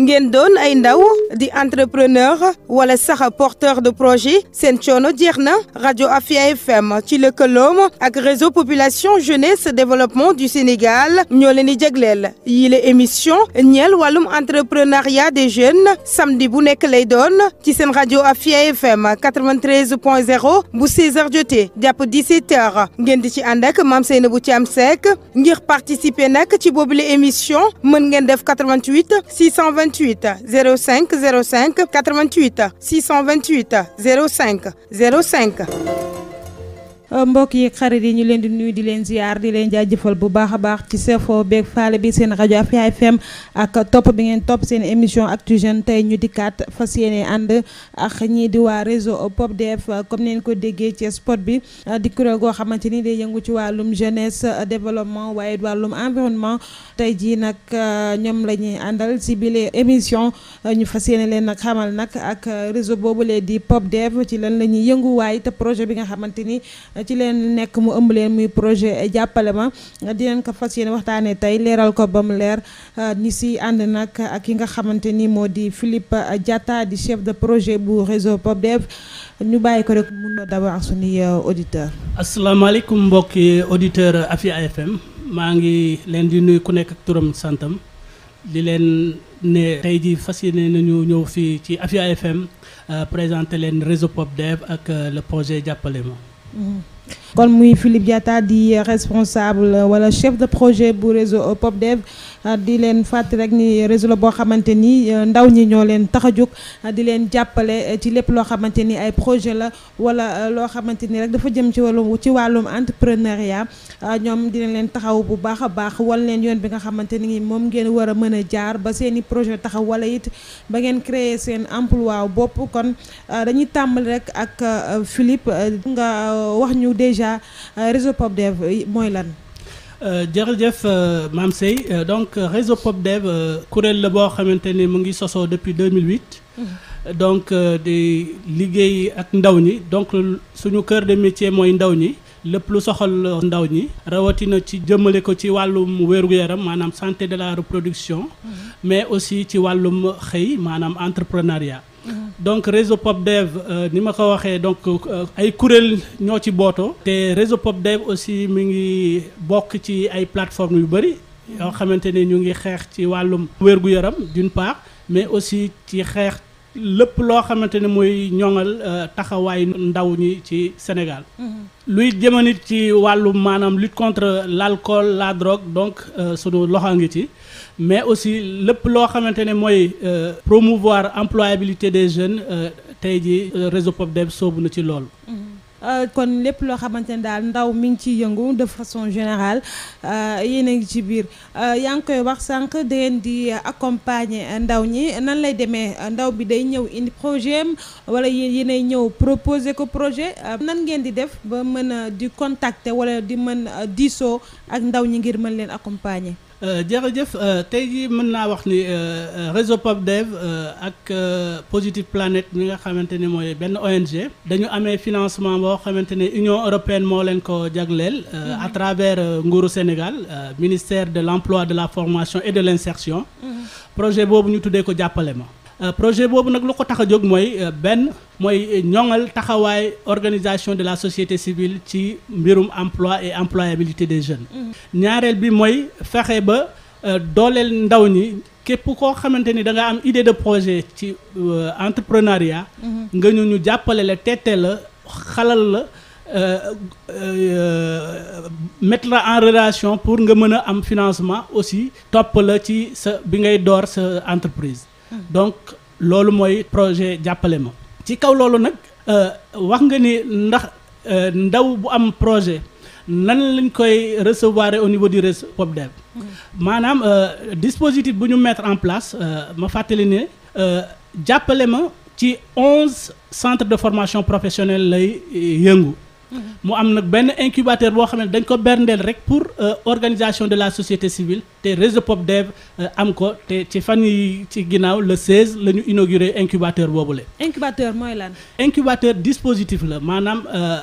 ngeen doon ay ndaw di entrepreneur wala sax porteur de projet seen coono jeex na rajo Afia FM ci lëkkaloom ak réseau population jeunesse développement du Sénégal ñoo leen di jagleel yile émission ñeel wàllum entrepreneuriat des jeunes samdi bu nekk lay doon ci seen rajo Afia FM 93 point 0 bu 16h jotee jàpp 17h ngeen di ci ànd ak Mame Seynabou Thiam Seck ngir participer nag ci boobule émission mën ngeen def 88 628 05. cinq 05 88 cinq 05 05 Euh, mbokk yi xarit yi ñu leen di nuyu di leen ziar di leen jaajëfal bu baax baax ci sefo beeg faale bi seen rajo Afia FM ak topp bi ngeen topp seen émission Actu Jeunes tey ñu dikkaat fas yéene ànd ak ñii di waa réseau POPDEF comme neen ko déggee ci spot bi di kuréel goo xamante ni day yëngu ci wàllum jeunesse développement waaye wàllum environnement tey jii nag euh, ñoom la ñuy àndal si bile émission euh, ñu fas yéene leen nag xamal nag ak réseau boobu lee di POPDEF ci lan la ñuy yëngu te projet bi nga xamante ni ci leen nekk mu ëmb leen muy projet jàppale ma di leen ko fas yéene waxtaanee tey leeral ko ba mu leer ni euh, si ànd nag ak ki nga xamante ni moo di filip Diatta di chef de projet bu réseau POPDEV ñu bàyyi ko rek mun na d'abord ak suñuy euh, auditeur asalaamaaleykum mbokki auditeur Afia FM maa ngi leen di nuyu ku nekk ak turam santam di leen ne tey jii fas yéene nañu ñëw fii ci Afia FM euh, présenté leen réseau POPDEV ak le projet jàppale ma mm-hmm. kon muy Philippe Diatta responsable wala chef de projet bu réseau PopDev Ah, di leen fàttali rek ni réseau la boo xamante nii euh, ndaw ñi ñoo leen tax jóg ah, di leen jàppale euh, ci lépp loo xamante ni ay projet la wala euh, loo xamante ni rek dafa jëm ci wàllum ci wàllum entrepreneuriat ah, ñoom dinañ leen taxaw bu baax a baax wan leen yoon bi nga xamante ni moom ngeen war a mën a jaar ba seeni projet taxaw wala it ba ngeen créer seen emploi bopp kon dañuy tàmbali rek ak Philippe nga wax ñu déjà réseau POPDEV mooy lan Euh, jërëjëf euh, Mame Seye euh, donc réseau PopDev kuréel la boo xamante ni mu ngi sosoo depuis 2008. Mhm. donc di liggéey ak ndaw ñi donc suñu kër de métier mooy ndaw ñi lépp lu soxal ndaw ñi rawatina ci jëmmale ko ci wàllum wér-gu-yaram maanaam santé de la reproduction. Mhm. mais aussi ci wàllum xëy maanaam entrepreneuriat. donc réseau PopDev euh, ni ma ko waxee donc euh, ay kuréel ñoo ci bootoo te réseau PopDev aussi mi ngi bokk ci ay plateformes yu bëri yoo xamante ne ñu ngi xeex ci wàllum wér-gu-yaram d'une part mais aussi ci xeex lépp loo xamante ne mooy ñoŋal euh, taxawaay ndaw ñi ci Sénégal. Mm-hmm. luy jëman ci wàllum maanaam lutte contre l'alcool la drogue donc euh, sunu loxo ngi ci. mais aussi lépp loo xamante ne mooy euh, promouvoir employabilité des jeunes tey ji réseau POPDEV soobu na ci loolu. Mm-hmm. Euh, kon lépp loo xamante ne daal ndaw mi ngi ciy yëngu de façon générale euh, yéen a ngi ci biir euh, yaa ngi koy wax sànq da di accompagner ndaw ñi nan lay demee ndaw bi day ñëw indi projet am wala yéenay ñëw proposer ko projet nan ngeen di def ba mën a di contacter wala di mën diisoo ak ndaw ñi ngir mën leen accompagner Euh, jërëjëf euh, tey jii mën naa wax ni euh, réseau PAPDEV ak Positive Planète mi nga xamante ni mooy benn ONG dañu amee financement boo xamante ni Union européenne moo leen ko jagleel mhm. à travers nguuru Sénégal ministère de l'emploi de la formation et de l'insertion mhm. projet boobu ñu tuddee ko jàppale ma Euh, projet boobu nag lu ko tax a jóg mooy euh, benn mooy ñoŋal taxawaay organisation de la société civile ci mbirum emploi et employabilité des jeunes. Mm-hmm. ñaareel bi mooy fexe ba euh, dooleel ndaw ñi. képp koo xamante ni da nga am idée de projet ci entrepreneuriat. Mm-hmm. nga ñu ñu jàppale la tete la xalal la mettre la en relation pour nga mën a am financement aussi topp la ci sa bi ngay door sa entreprise. donc loolu mooy projet jàppale ma ci kaw loolu nag euh, wax nga ni ndax euh, ndaw bu am projet nan lañ koy recevoir au niveau du réseau POPDEV mm-hmm. maanaam euh, dispositif bu ñu mettre en place ma fàttali ne jàppale ma ci onze centre de formation professionnelle lay yëngu mu am nag benn incubateur boo xam ne dañ ko berndeel rek pour euh, organisation de la société civile te réseau PopDev euh, am ko te ci fan yi ci ginnaaw le 16 la ñu inauguré incubateur boobu incubateur mooy lan. incubateur dispositif la maanaam euh,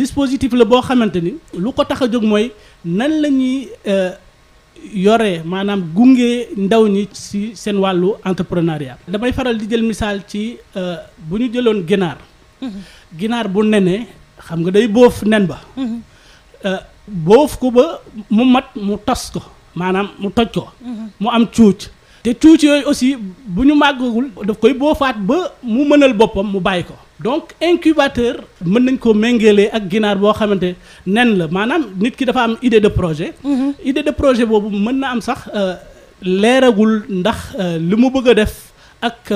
dispositif la boo xamante ni lu ko tax a jóg mooy nan la ñuy yore maanaam gunge ndaw ñi ci seen wàllu entrepreneuriat. damay faral di jël misaal ci bu ñu jëloon ginaar. Mm-hmm. ginaar bu nenee xam nga day boof nen ba. Mhm. Euh, boof ko ba mu mat mu tas ko maanaam mu toj ko. Mhm. mu am cuuc. te cuuc yooyu aussi bu ñu màggagul daf koy boofaat ba mu mënal boppam mu bàyyi ko. donc incubateur mën nañ koo méngalee ak ginaar boo xamante nen la maanaam nit ki dafa am idée de projet. Mhm. idée de projet boobu mën na am sax euh, leeragul ndax euh, li mu bëgg a def ak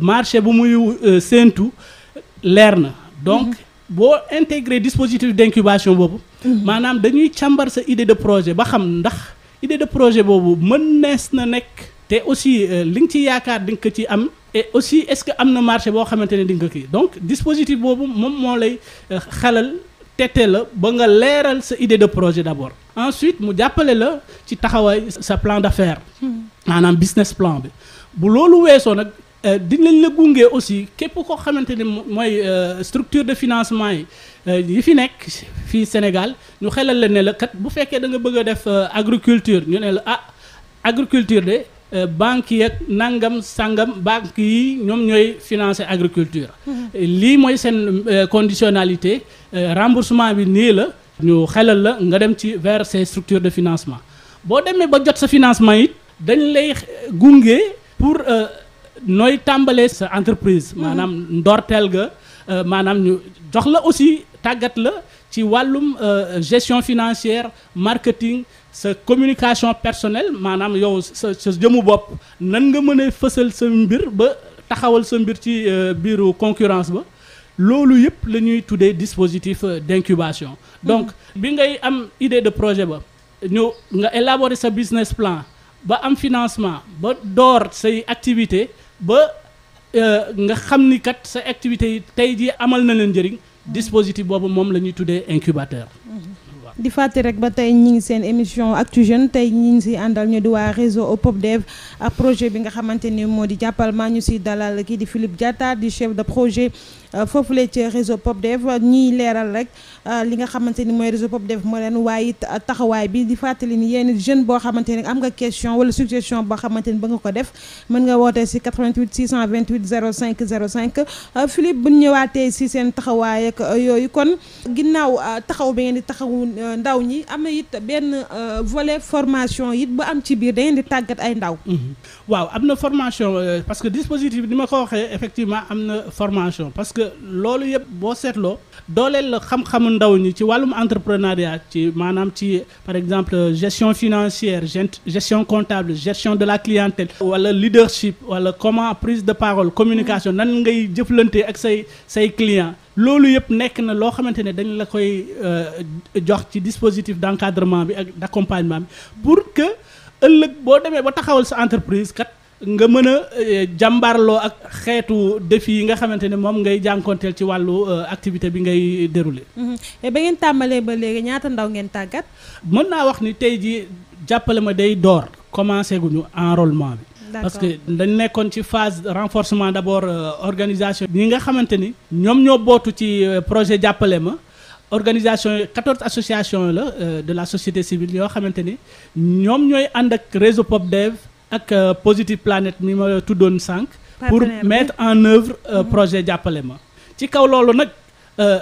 marché bu muy séentu leer na donc. boo intégré dispositif d'incubation boobu. Mhm. maanaam dañuy càmbar sa idée de projet ba xam ndax idée de projet boobu mën nees na nekk. te aussi euh, li nga ci yaakaar di nga ko ci am. aussi est-ce que am na marché boo xamante ne di nga ko kii donc dispositif boobu moom moo lay euh, xelal tete la ba nga leeral sa idée de projet d'abord. ensuite mu jàppale la ci taxawaay sa plan d'affaires. Hmm. maanaam business plan bi. bu loolu weesoo nag Euh, dinañ la gunge aussi képp koo xamante ne mooy euh, structure de financement yi euh, yi fi nekk fii Sénégal ñu xelal la ne la kat bu fekkee da nga bëgg a def agriculture ñu ne la ah agriculture de banques yi ak nangam sangam banques yi ñoom ñooy financer agriculture. Mm-hmm. lii mooy seen conditionnalité remboursement bi nii la. ñu xelal la nga dem ci vers ces de financement boo demee ba jot sa financement yi dañ lay gunge pour. nooy tàmbalee sa entreprise. Mhm. maanaam ndorteel ga euh, maanaam ñu jox la aussi tàggat la ci wàllum euh, gestion financière marketing sa communication personnelle maanaam yow sa sa jëmu bopp nan nga mën a fësal sa mbir ba taxawal sa mbir ci euh, biiru concurrence ba. loolu yëpp la ñuy tuddee dispositif d'incubation mhm. donc bi ngay am idée de projet ba ñëw nga élaborer sa business plan ba am financement ba door say activité ba euh, nga xam ni kat sa activité yi tey jii amal na leen njëriñ dispositif boobu moom la ñuy tuddee incubateur. Mm-hmm. di fàtte rek ba tey ñi ngi seen émission Actu jeune tey ñi ngi si àndal ñu di waa réseau OPOPDEV ak projet bi nga xamante ni moo di jàppal maa ñu si dalal kii di Philippe Diatta di chef de projet Euh, foofu foofule ci réseau POPDEV ñuy leeral rek euh, li nga xamante ni mooy réseau POPDEV moo leen waaye it euh, taxawaay bi di fàttali ni yéen jeune boo xamante ni am nga question wala suggestion boo xamante ni ba nga ko def mën nga woote si 88 628 05 05 Philippe bu ñëwaatee si seen taxawaay yooyu kon ginnaaw taxaw bi ngeen di taxawu ndaw ñi am na it benn volet formation it bu am ci biir da ngeen di tàggat ay ndaw. Mm-hmm. waaw am na formation parce que dispositif bi ma ko waxee effectivement am na formation parce que. loolu yëpp boo seetloo dooleel la xam-xamu ndaw ñi ci wàllum entrepreneuriat ci maanaam ci par exemple gestion financière gestion comptable gestion de la clientèle wala leadership wala comment prise de parole communication nan ngay jëflante ak say say client loolu yëpp nekk na loo xamante ne dañ la koy euh, jox ci dispositif d'encadrement bi ak d'accompagnement bi pour que ëllëg boo demee ba taxawal sa entreprise kat nga mën a eh, jàmbaarloo ak xeetu défi yi nga xamante ne moom ngay jànkoonteel ci wàllu eh, activité bi ngay déroulé. Mm-hmm. Eh, ba ngeen tàmbalee ba léegi ñaata ndaw ngeen tàggat. mën naa wax ni tey jii jàppale ma day door commencé guñu enrôlement bi. parce que dañ nekkoon ci phase renforcement d'abord organisation. ñi nga xamante ni ñoom ñoo bootu ci projet jàppale ma. organisation 14 association la de la société civile yoo xamante ni ñoom ñooy ànd ak réseau POPDEV. ak euh, Positive Planet mi ma tuddoon sànq. pour mettre en œuvre euh, mm-hmm. projet jàppale ma. ci kaw loolu nag euh,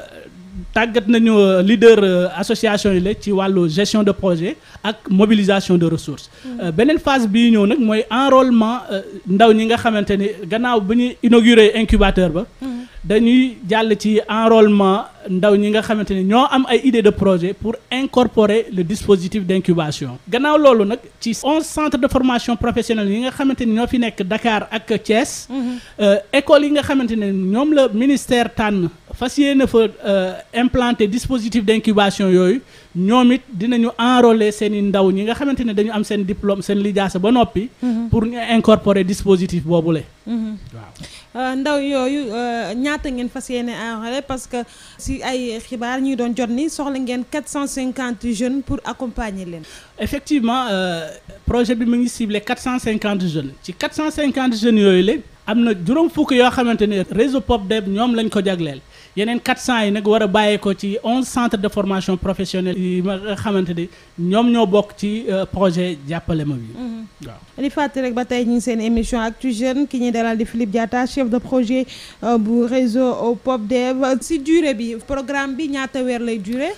tàggat nañu leader association yi la ci wàllu gestion de projet ak mobilisation de ressources. Mm-hmm. beneen phase bi ñëw nag mooy enrôlement ndaw ñi nga xamante ni gannaaw bi ñu inauguré incubateur ba. Mm-hmm. dañuy jàll ci enrolement ndaw ñi nga xamante ni ñoo am ay idée de projet pour incorporer le dispositif d'incubation gannaaw loolu nag ci onze centres de formation professionnelle yi nga xamante ni ñoo fi nekk Dakar ak Thiès mhm. euh, écoles yi nga xamante ne ñoom la ministère tànn fas yéene fa euh, implanter dispositif d'incubation yooyu ñoom it dinañu enroler seen i ndaw ñi nga xamante ne dañu am seen diplôme seen lijaasa ba noppi mhm. pour ñu incorporer dispositif boobule mhm. waaw Euh, ndaw yooyu euh, ñaata ngeen fas yéene enrôler parce que si ay xibaar ñuy doon jot ni soxla ngeen 450 jeunes pour accompagner leen. effectivement euh, projet bi mu ngi ciblé 450 jeunes ci 450 jeunes yooyu la am na juróom fukk yoo xamante ne réseau pop POPDEB ñoom lañ ko jagleel. yeneen 400 yi nag war a bàyyeekoo ci 11 centres de formation professionnelle yi ma nga xamante ni ñoom ñoo bokk ci euh, projet jàppale ma bi mhm. waaw li fàttali rek ba tey ñu ngi seen émission Actu Jeunes ki ñuy dalal di Philippe Diatta chef de projet euh, bu réseau euh, PopDev si dure bi programme bi ñaata weer lay durée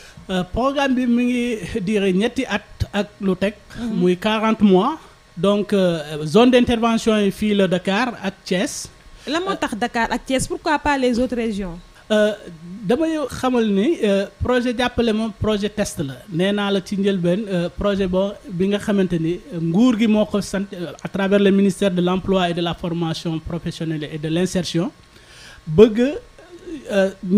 programme bi mu ngi duré ñetti at ak lu teg mhm. muy 40 mois donc zone d'intervention yi fii la Dakar ak Thiès la moo tax Dakar ak Thiès pourquoi pas les autres régions Euh, damay xamal ni euh, projet jàppale moom projet test la nee naa la ci njëlbeen euh, projet bo bi nga xamante ni nguur gi moo ko sant a travers le ministère de l'emploi et de la formation professionnelle et de l'insertion bëgg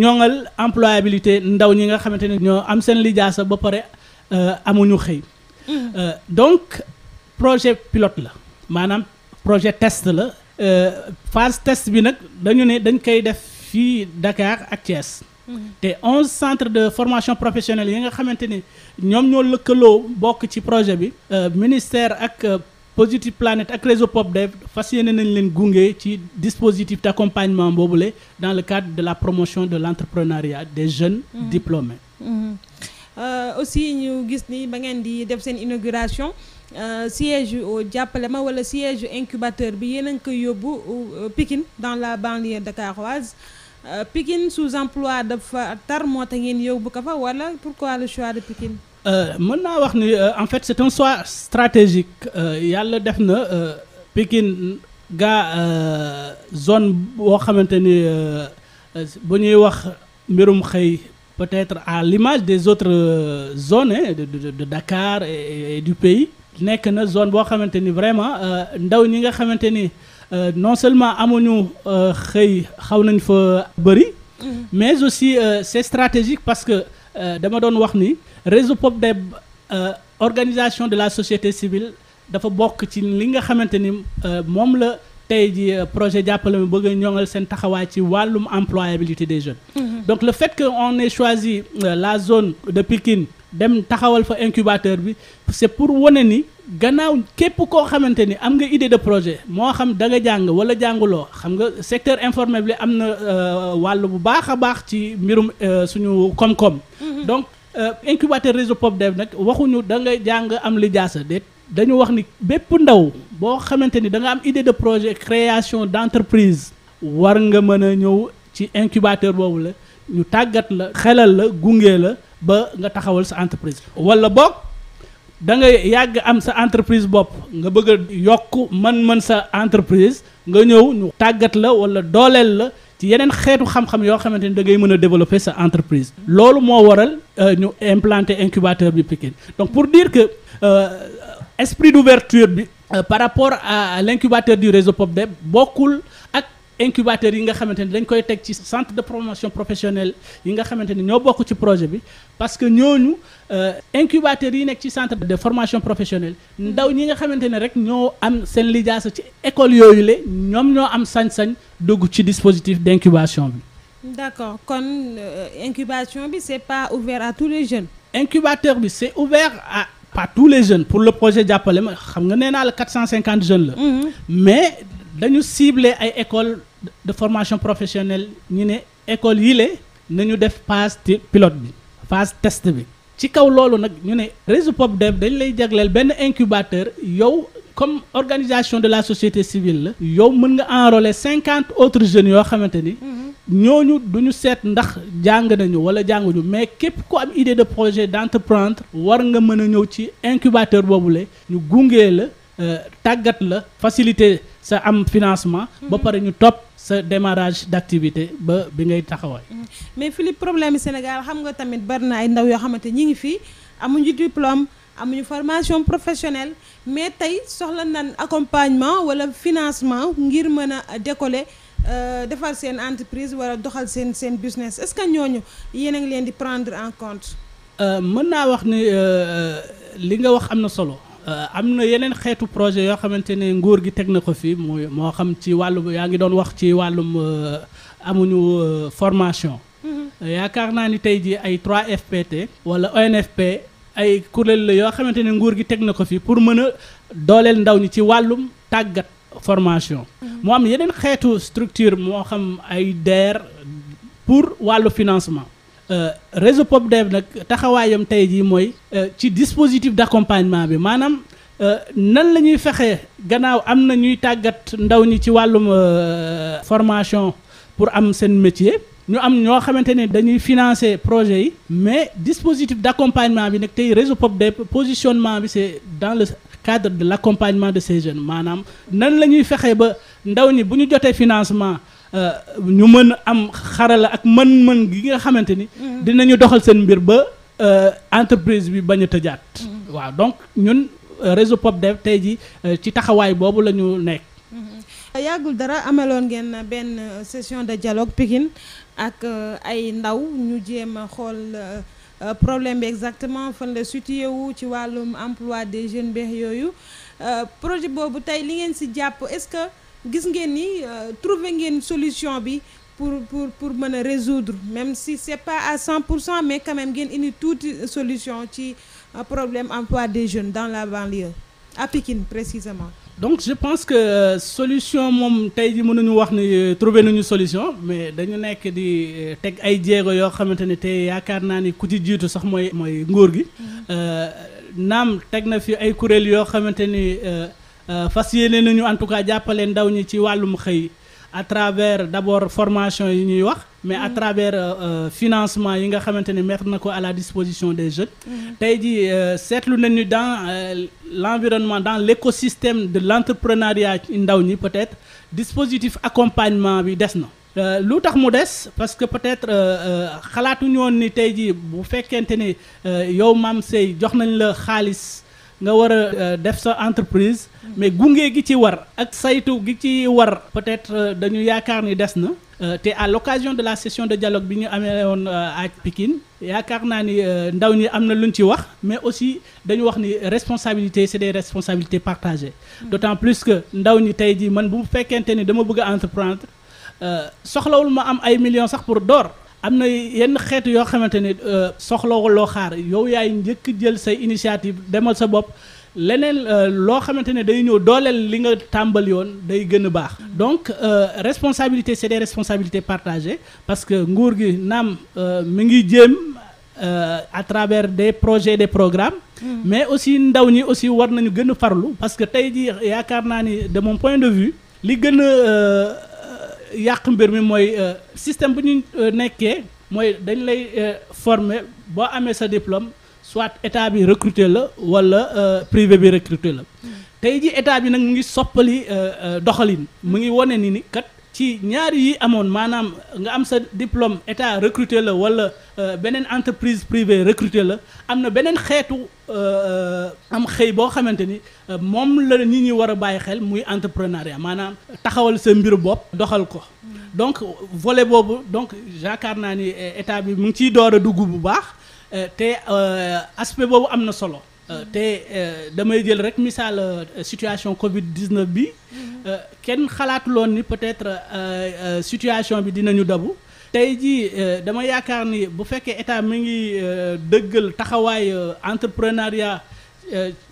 ñoŋal employabilité ndaw ñi nga xamante ni ñoo am seen lijaasa ba pare amuñu xëy mm-hmm. donc projet pilote la maanaam projet test la phase test bi nag dañu ne dañ koy def fii dakaar ak Thiès. Mm-hmm. te onze centres de formation professionnelle yi nga xamante ni ñoom ñoo lëkkaloo bokk ci projet bi. Euh, ministère ak euh, Positive Planète ak réseau PopDev fas yéene nañ leen gunge ci dispositif d'accompagnement boobule dans le cadre de la promotion de l'entrepreneuriat des jeunes mm-hmm. diplômés. Mm-hmm. Euh, aussi ñu gis ni ba ngeen di def seen inauguration siège jàppale ma wala siège incubateur bi yéen a ngi koy yóbbu Pikine dans la banlieue dakaroise. Euh, Pikine sous-emploi dafa tar moo tax ngeen yóbbu ko fa wala pourquoi le choix de Pikine. Euh, mën naa wax ni euh, en fait c'est un choix stratégique yàlla def na Pikine gaa zone boo xamante ni bu ñuy wax mbirum xëy peut-être à l'image des autres zones de de de Dakar et du pays nekk na zone boo xamante ni vraiment ndaw ñi nga xamante ni. Euh, non seulement amuñu euh, xëy xaw nañ fa bëri. Mhm. mais aussi euh, c'est stratégique parce que dama doon wax ni réseau POPDEB organisation de la société civile dafa bokk ci li nga xamante ni moom la. tey ji projet jàppale mi bëgg a ñoŋal seen taxawaay ci wàllum employabilité des jeunes. Mhm. donc le fait que on ait choisi la zone de Pikine dem taxawal fa incubateur bi c'est pour wane ni gannaaw képp koo xamante ni am nga idée de projet moo xam da nga jàng wala jànguloo xam nga secteur informel bi am na euh, wàll bu baax a baax ci mbirum euh, suñu koom-koom. Mm-hmm. donc euh, incubateur réseau PopDev nag waxuñu da nga jàng am li jaasa déet dañu wax ni bépp ndaw boo xamante ni da nga am idée de projet création d'entreprise war nga mën a ñëw ci incubateur boobu la ñu tàggat la xelal la gunge la. ba nga taxawal sa entreprise wala boog da nga yàgg am sa entreprise bopp nga bëgg a yokk man man sa entreprise nga ñëw ñu tàggat la wala dooleel la ci yeneen xeetu xam-xam yoo xamante ni da ngay mën a développer sa entreprise loolu moo waral euh, ñu implanter incubateur bi pikin donc pour dire que euh, esprit d'ouverture bi euh, par rapport a l'incubateur du réseau de bokkul incubateurs yi nga xamante ni dañ koy teg ci centre de promotion professionnelle yi nga xamante ni ñoo bokk ci projet bi parce que ñooñu euh, incubateurs yi nekk ci centre de formation professionnelle ndaw ñi nga xamante ne rek ñoo am seen lijaasa ci école yooyu le ñoom ñoo am sañ-sañ dugg ci dispositif d'incubation bi. d'accord kon euh, incubation bi c'est pas ouvert à tous les jeunes. incubateur bi c'est ouvert à par tous les jeunes pour le projet jàppale ma xam nga nee naa la 450 jeunes la. Mm-hmm. dañu cibler ay école de formation professionnelle ñu ne école yile nañu def phase pilote bi phase test bi ci kaw loolu nag ñu ne réseau PopDev dañ lay jagleel benn incubateur yow comme organisation de la société civile la yow mën nga enrôler cinquante autres jeunes yoo xamante ni mhm. ñooñu du ñu seet ndax jàng nañu wala jànguñu mais képp ku am idée de projet d'entreprendre war nga mën a ñëw ci incubateur boobule ñu gungee la euh, tàggat la facilité sa am financement. Mm-hmm. ba pare ñu topp sa démarrage d'activité ba bi ngay taxawaay. Mm-hmm. mais Philippe problème Sénégal xam nga tamit bari na ay ndaw yoo xamante ñi ngi fii amuñu diplôme. amuñu formation professionnelle mais tey soxla nan accompagnement wala financement ngir mën a décoller euh, defar seen entreprise wala doxal seen seen business est-ce que ñooñu yéen a ngi leen di prendre en compte. Euh, mën naa wax ni euh, li nga wax am na solo Euh, am na yeneen xeetu projet yoo xamante ne nguur gi teg na ko fi mooy moo xam ci wàllum yaa ngi doon wax ci wàllum euh, amuñu euh, formation. Mm-hmm. yaakaar naa ni tey jii ay trois fpt wala ONFP ay kuréel la yoo xamante ne nguur gi teg na ko fi pour mën a dooleel ndaw ñi ci wàllum tàggat formation. moo mm-hmm. am yeneen xeetu structure moo xam ay DER pour wàllu financement. Euh, réseau POPDEV nag taxawaayam tey jii mooy euh, ci dispositif d'accompagnement bi maanaam euh, nan la ñuy fexe gannaaw am na ñuy tàggat ndaw ñi ci wàllum formation pour am seen métier ñu am ñoo xamante ne dañuy financer projet yi mais dispositif d'accompagnement bi nag tey réseau POPDEV positionnement bi c'est dans le cadre de l'accompagnement de ces jeunes maanaam nan la ñuy fexe ba ndaw ñi bu ñu jotee financement Euh, ñu mën a am xarala ak mën-mën gi nga xamante ni. Mm-hmm. dinañu doxal seen mbir ba euh, entreprise bi bañ a tëjaat. Mm-hmm. waaw donc ñun euh, réseau PopDev tey ji ci taxawaay boobu la ñu nekk. Mm-hmm. yàggul dara ameloon ngeen benn session de dialogue Pikine ak ay ndaw ñu jéem a xool. problème bi exactement fan la yow ci wàllum emploi des jeunes beex yooyu projet boobu tey li ngeen ci jàpp gis ngeen ni euh, trouver ngeen solution bi pour pour pour mën a résoudre même si c'est pas à cent pour cent mais quand ngeen indi tuuti solution ci euh, problème emploi des jeunes dans la banlieue à Pikine précisément. donc je pense que euh, solution moom tey ji mënuñu wax ni trouver nañu solution mais dañu nekk di teg ay jéego yoo xamante ni te yaakaar naa ni ku ci jiitu sax mooy mooy nguur gi. Mm-hmm. naam teg na fi ay kuréel yoo xamante ni. Euh, fas yéene nañu en tout cas jàppale ndaw ñi ci wàllum xëy à travers d'abord formation yi ñuy wax mais à mm. travers euh, euh, financement yi nga xamante ne mettre na ko à la disposition des jeunes mm. tey jii seetlu nañu dans l'environnement dans l'écosystème de l'entrepreneuriat ndaw ñi peut-être dispositif accompagnement bi des na lu tax mu des parce que peut-être xalaatuñu woon ni tey jii bu fekkente ne yow maam sëy jox nañ la xaalis nga war a euh, def sa entreprise mm-hmm. mais gunge gi ci war ak saytu gi ci war peut-être euh, dañu yaakaar ni des na euh, te à l'occasion de la session de dialogue bi ñu amee woon à Pikine yaakaar naa ni ndaw ñi am na lu luñ ci wax mais aussi dañu wax ni responsabilité c'est des responsabilités partagées mm-hmm. d'autant plus que ndaw ñi tey jii man bu fekkente ni dama bëgg a entreprendre soxlawul ma am ay millions sax pour door am na yenn xeetu yoo xamante ni euh, soxlawuloo xaar yow yaay njëkk jël say initiative demal sa bopp leneen euh, loo xamante ne day ñëw dooleel li nga tàmbali yoon day gën a baax donc euh, responsabilité c'est des responsabilités partagées parce que nguur gi naam mi ngi jéem à travers des projets des programmes mm. mais aussi ndaw ñi aussi war nañu gën a farlu parce que tey ji yaakaar naa ni de mon point de vue li gën a yàq mbir mi mooy euh, système bu ñu euh, nekkee mooy dañ lay euh, former boo amee sa diplôme soit état bi recruter la walla privé bi recruter la hmm. tey ji état bi nag mu ngi soppali doxalin mu ngi wone ni ni kat ci ñaari yi amoon maanaam nga am sa diplôme état recruter la wala euh, beneen entreprise privée recruter la am na beneen xeetu euh, am xëy boo xamante ni euh, moom la ni ñuy war a bàyyi xel muy entrepreneuriat maanaam taxawal sa mbiru bopp doxal ko mm. donc volet boobu donc yaakaar naa ni état bi mu ngi ciy door a dugg bu baax te aspect boobu am na solo Euh, te euh, damay jël rek misaal euh, situation Covid 19 bi mhm. kenn xalaatuloon ni peut-être situation bi dinañu dabu. tey jii dama yaakaar ni bu fekkee état mi ngi dëggal taxawaay entrepreneuriat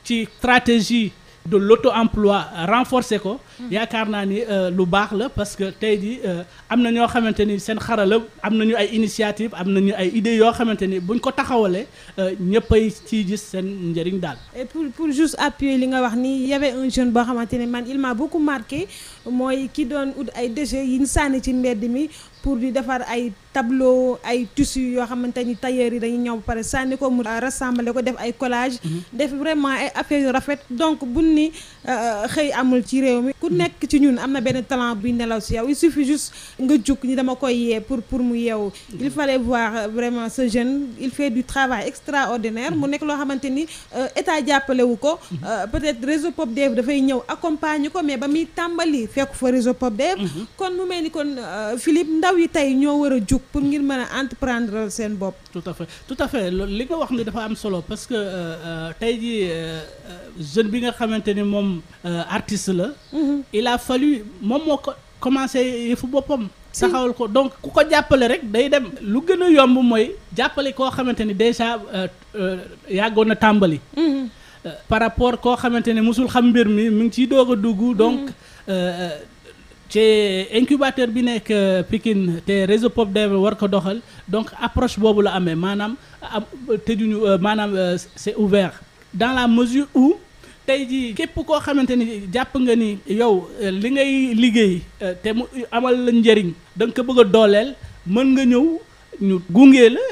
ci stratégie de l'auto-emploi renforcer ko. Mm-hmm. yaakaar naa ni euh, lu baax la parce que tey jii euh, am na ñoo xamante ni seen xarala am nañu ay initiative am nañu ay idées yoo xamante ni buñ ko taxawalee euh, ñëppay ciy gis seen njëriñ daal. et pour pour juste appuyer li nga wax ni y avait un jeune boo xamante ne man il m'a beaucoup marqué mooy ki doon ut ay déchets yi sànni ci mbedd mi. pour di defar ay tableau ay tissu yoo xamante ni tailleur yi dañuy ñëw pare sànni ko mu rassembler ko def ay collage mm-hmm. def vraiment ay affaires yu rafet donc bu ni xëy amul ci réew mi. ku nekk ci ñun am na benn talent buy nelaw si yow il suffit juste nga jug ni dama koy yee pour pour mu yeew il fallait voir vraiment ce jeune il fait du travail extraordinaire mu nekk loo xamante ni euh, état jàppalewu ko euh, peut-être réseau PopDev dafay ñëw accompagner ko mais ba muy tàmbali fekk fa réseau PopDev mhm. kon mu mel ni kon euh, Philippe ndaw yi tey ñoo war a jug pour ngir mën a entreprendre seen bopp tout à fait tout à fait li nga wax ni dafa am solo parce que tey jii jeune bi nga xamante ni moom artiste la mhm. il a fallu moom moo ko commencé yëfu boppam. saxawal ko donc ku ko jàppale rek day dem. lu gën a yomb mooy jàppale koo xamante ni déjà euh, euh, yàggoon na tàmbali. Mm-hmm. Euh, par rapport koo xamante ne mosul xam mbir mi mu ngi ciy doog a dugg. Mm-hmm. donc ci incubateur bi nekk Pikine te réseau Pop Dev war ko doxal donc approche boobu la amee maanaam am tëjuñu maanaam c'est ouvert dans la mesure où. tey jii képp koo xamante ni jàpp nga ni yow euh, li ngay liggéey euh, te mu amal la njëriñ da ko bëgg a dooleel mën nga ñëw ñu gunge la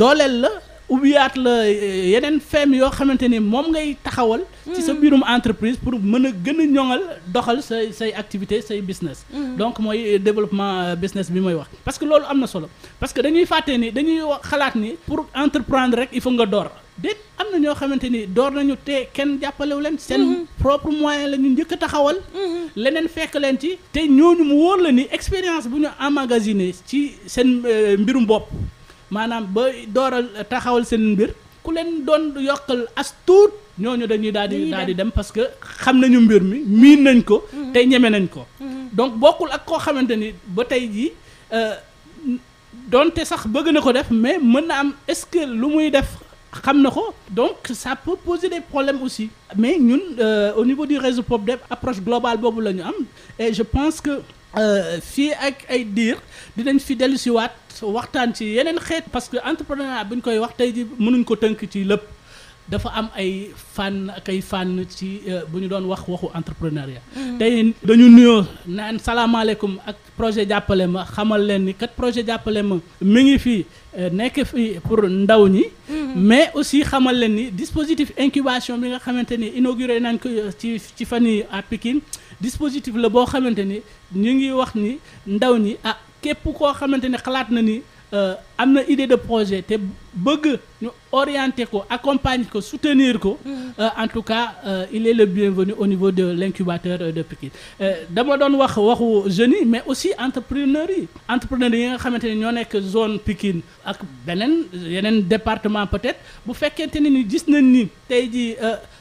dooleel la ubbiyaat la euh, yeneen feem yoo xamante ni moom ngay taxawal ci sa mm. biirum entreprise pour mën a gën a ñoŋal doxal say say activité say business mm. donc mooy développement business bi mooy wax parce que loolu am na solo parce que dañuy fàtte ni dañuy xalaat ni pour entreprendre rek il faut nga door déet am na ñoo xamante ni door nañu te kenn jàppalewu leen seen mhm. propre moyen la ñu njëkk a taxawal mhm. leneen fekk leen ci te ñooñu mu wóor la ni expérience bu ñu en emmagasiné ci seen euh, mbirum bopp maanaam ba dooral euh, taxawal seen mbir ku leen doon yokkal as tuut ñooñu dañuy daal di daal di dem parce que xam nañu mbir mi miin nañ ko mhm. te ñeme nañ ko donc bokkul ak koo xamante ni ba tey jii euh, donte sax bëgg na ko def mais mën na am est-ce que lu muy def xam na ko donc ça peut poser des problèmes aussi mais ñun euh, au niveau du réseau PopDev approche globale boobu la ñu am et je pense que euh, fii ak ay diir dinañ fi dellu siwaat waxtaan ci yeneen xeet parce que entrepreneuriat bu ñu koy wax tey ji mënuñ ko tënk ci lépp dafa am ay fànn ak ay fànn ci euh, bu ñu doon wax waxu entrepreneuriat. Mm-hmm. tey dañu nuyoo naan salaamaaleykum ak projet jàppale ma xamal leen ni kat projet jàppale ma mu ngi fii euh, nekk fi pour ndaw ñi. Mm-hmm. mais aussi xamal leen ni dispositif incubation bi nga xamante ni inauguré nañ ko euh, ci ci fan yi dispositif la boo xamante ni ñu ngi wax ni ndaw ñi ah képp koo xamante ni xalaat na ni. Euh, am na idée de projet te bëgg ñu orienter ko accompagner ko soutenir ko mm-hmm. euh, en tout cas euh, il est le bienvenu au niveau de l'incubateur de Pikine dama doon wax waxu jeunes yi mais aussi entrepreneurs yi entrepreneurs yi nga xamante ni ñoo nekk zone pikin ak beneen yeneen département peut-être bu fekkente ni gis nañ ni tey jii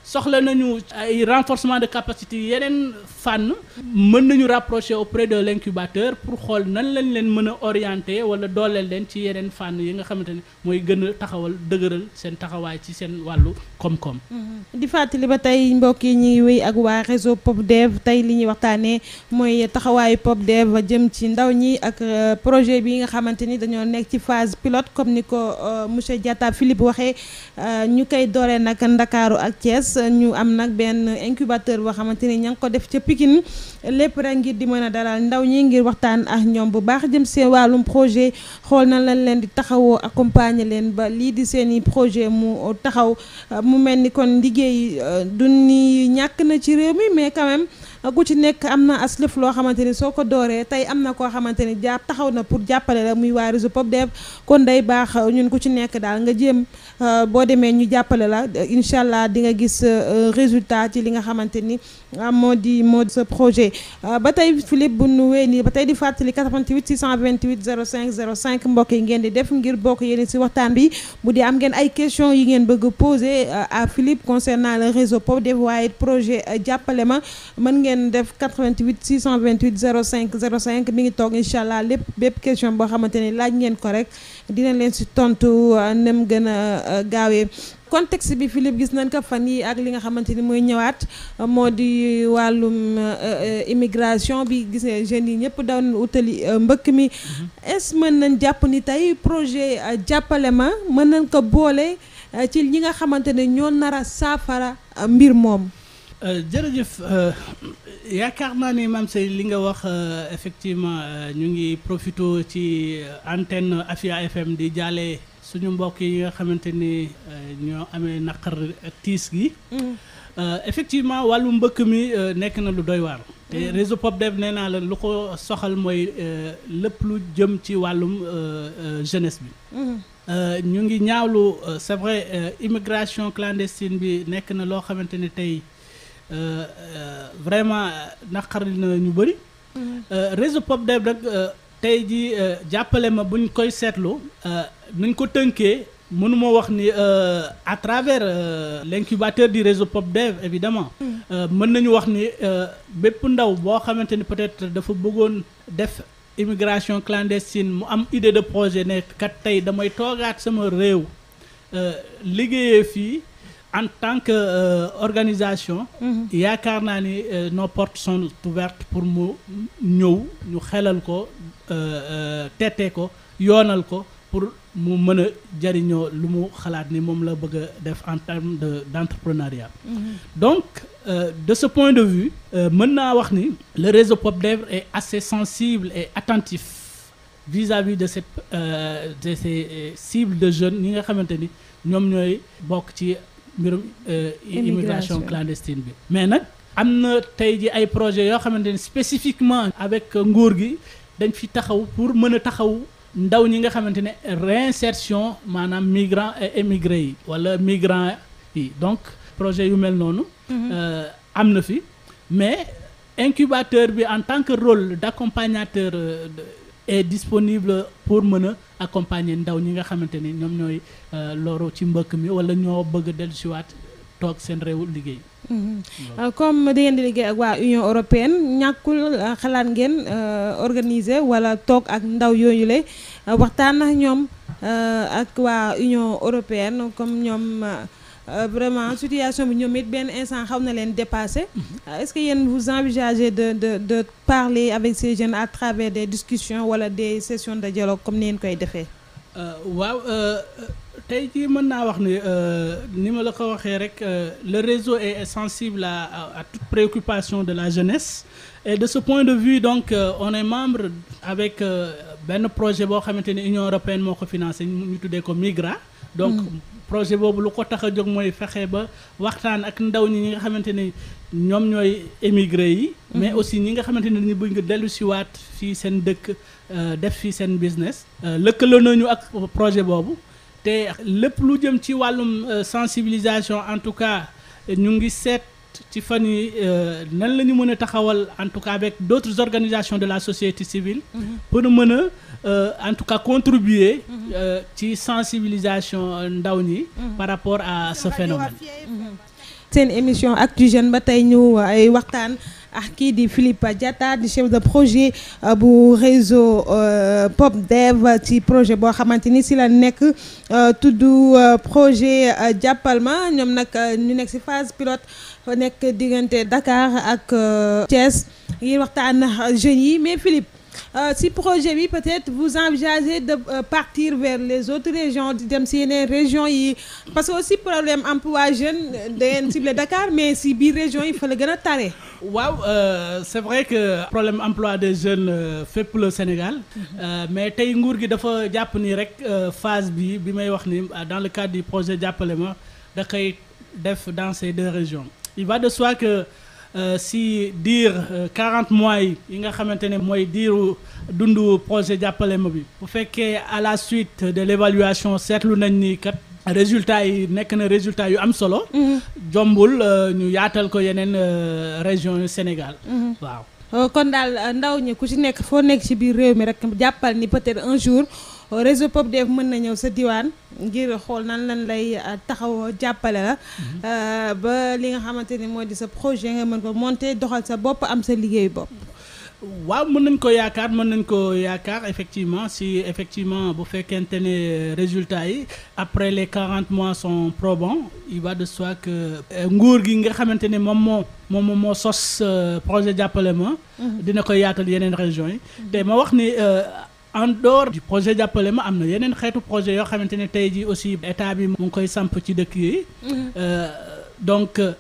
soxla nañu ay renforcement de capacité yeneen fànn mën nañu rapprocher auprès de l'incubateur pour xool nan lañ leen mën a orienter wala dooleel leen ci yeneen fànn yi nga xamante ne mooy gën taxawal dëgëral seen taxawaay ci seen wàllu koom-koom mm-hmm. di fàttali ba tey mbokk yi ñu ngi wéy ak waa réseau PopDev tey li ñuy waxtaanee mooy taxawaayu PopDev jëm ci ndaw ñi ak euh, projet bi nga xamante ni dañoo nekk ci phase pilote comme ni ko euh, monsieur Diatta Philippe waxee euh, ñu koy dooree nag Ndakaaru ak Thiès ñu am nag benn incubateur boo xamante ni ña ngi ko def ca pikin lépp rek ngir di mën a dalal ndaw ñi ngir waxtaan ak ñoom bu baax jëm seen wàllum projet xool na lañ leen di taxawoo accompagner leen ba lii di seen i projet mu taxaw mu mel ni kon liggéey euh, du ni ñàkk na ci réew mi mais quand Ah, ku ci nekk am na as lëf loo xamante ni soo ko dooree tey am na koo xamante ni jàpp taxaw na pour jàppale la muy waa réseau Pop Dev kon day baax ah, ñun ku ci nekk daal nga jéem ah, boo demee ñu jàppale la incha allah di nga gis résultat ci li nga xamante ni moo di moo di sa projet ba tey Philippe bu nu wee nii ba tey di fàttali 88 628 05 05 mbokk yi ngeen di def ngir bokk yéen si waxtaan bi bu dee am ngeen ay question yi ngeen bëgg poser à Philippe concernant le réseau Pop Dev waaye projet jàppale ma ngeen def 88 628 05 05 mi ngi toog incha allah lépp bépp question boo xamante ni laaj ngeen ko rek dinañ leen si tontu euh, nem gën a euh, gaawee. contexte bi Philippe gis nañ ko fan yi ak li nga xamante ni mooy ñëwaat euh, moo di wàllum immigration bi gisee ne jeunes yi ñëpp daan utali mbëkk mi mm-hmm. est mën nañ jàpp ni tey projet jàppale ma mën nañ ko boole ci ñi nga xamante ne ñoo nara saafara mbir moom Euh, jërëjëf euh, yaakaar naa ni maam Sey li nga wax euh, effectivement ñu ngi profito ci antenne Afia FM di jaale suñu mbokk yi nga xamante ni ñoo amee naqar ak tiis gi. Mm. effectivement wàllu mbëkk mi nekk na lu doy waar. Mm. te réseau Pop Dev nee naa la lu ko soxal mooy lépp lu jëm ci wàllum jeunesse bi. Mm. ñu ngi ñaawlu c'est vrai immigration clandestine bi nekk na loo xamante ni tey. Euh, euh, vraiment euh, naqari na ñu bëri. Mm-hmm. réseau POPDEV rek tey jii jàppale ma buñ koy seetlu nuñ ko tënkee mënuma wax ni à travers l'incubateur di réseau POPDEV évidemment mm. mën nañu wax ni bépp ndaw boo xamante ni peut-être dafa bëggoon def immigration clandestine mu am idée de projet nekk kat tey damay toogaat sama réew liggéeyee fii. en tant que euh, organisation. Mm-hmm. yaakaar naa ni euh, nos portes sont ouvertes pour mu ñëw ñu xelal ko euh, euh, tete ko yoonal ko pour mu mën a jariñoo lu mu xalaat ni moom la bëgg a def en terme de d'entrepreneuriat. Mm-hmm. donc euh, de ce point de vue. mën naa wax ni le réseau PopDev est assez sensible et attentif vis-à-vis de cette de ces cibles de jeunes ñi nga xamante ni ñoom ñooy bokk ci. mbirum euh, immigration clandestine bi mais nag am na tey ji ay projets yoo xamante ne spécifiquement avec euh, nguur gi dañ fi taxaw pour mën a taxaw ndaw ñi nga xamante ne réinsertion maanaam migrants et yi wala migrants yi donc projet yu mel noonu mhm. euh, am na fi mais incubateur bi en tant que rôle d'accompagnateur est disponible pour mën a accompagner ndaw ñi nga xamante ni ñoom ñooy euh, loru ci mbëkk mi wala ñoo bëgg dellusiwaat toog seen réew liggéey. Mm-hmm. Euh, comme da ngeen di liggéey ak waa Union européenne ñàkkul euh, xalaat ngeen organiser wala toog ak ndaw yooyu le waxtaan ak ñoom ak waa Union européenne comme ñoom. Euh, vraiment situation bi ñoom it benn instant xaw na leen dépassé. Euh, est-ce que yéen vous envisagez de de de parler avec ces jeunes à travers des discussions wala des sessions de dialogue comme ni ngeen koy defee. Euh, waaw tey jii mën naa wax ni ni ma la ko waxee rek le réseau est sensible à à toute préoccupation de la jeunesse et de ce point de vue donc on est membre avec benn projet boo xamante ni Union européenne moo ko financé ñu tuddee ko Migra donc. Mm. projet boobu lu ko tax a jóg mooy fexe ba waxtaan ak ndaw ñi ñi nga xamante ni ñoom ñooy émigré yi. Mm-hmm. mais aussi ñi nga xamante ni buñ ko dellu si waat fii seen dëkk euh, def fii seen business. Euh, lëkkaloo nañu ak projet boobu te lépp lu jëm ci wàllum euh, sensibilisation en tout cas ñu ngi seet. ci fan yi euh, nan la ñu mën a taxawal en tout cas avec d' autres organisations de la société civile. Mm-hmm. pour mën a euh, en tout cas contribuer mm-hmm. euh, ci sensibilisation ndaw ñi mm-hmm. par rapport à ce phénomène seen émission Actu Jeunes ba tey ñu waxtaan ak kii di Philippe Diatta di chef de projet euh, bu réseau euh, Pop Dev ci projet boo xamante ni si la nekk euh, tudd projet jàppal ma ñoom nag ñu nekk si phase pilote nekk diggante Dakar ak Thiès ngir waxtaan jeunes yi mais Philippe. Euh, si projet bi peut-être vous envisagez de euh, partir vers les autres régions di dem si yeneen régions yi parce que aussi problème emploi jeune euh, da ngeen ciblé Dakar mais si biir région yi fa la gën a tare. waaw c'est vrai que problème emplois des jeunes fépp le Sénégal mhm. mais tey nguur gi dafa jàpp nii rek phase bi bi may wax ni dans le cadre du projet jàppale ma da koy def dans ces deux régions il va de soi que. Euh, si diir 40 euh, mois yi nga xamante ne mooy diiru dundu projet jàppale ma bi bu fekkee à la suite de l'évaluation seetlu nañ ni kat résultat yi nekk na résultat yu am solo mhm. jombul euh, ñu yaatal ko yeneen région yu Sénégal mhm. waaw kon daal ndaw ñi ku ci nekk foo nekk ci biir réew mi rek jàppal ni peut-être un jour réseau PopDev mën na ñëw sa diwaan ngir xool nan lan lay euh, taxaw jàppale la mhm. euh, ba li nga xamante ni moo di sa projet nga mën ko monter doxal sa bopp am sa liggéeyu bopp waaw mën nañ ko yaakaar mën nañ ko yaakaar effectivement si effectivement bu fekkente ne euh, résultats yi après les quarante mois sont probants va de soi que nguur gi nga xamante ne moom moo moom moo sos projet jàppale ma mhm. dina ko yaatal yeneen régions yi mhm. te ma wax ni en dehors du projet jàppale ma am na yeneen xeetu projet yoo xamante ne tey jii aussi état bi mu ngi koy samp ci dëkk yi mm-hmm. euh, donc euh,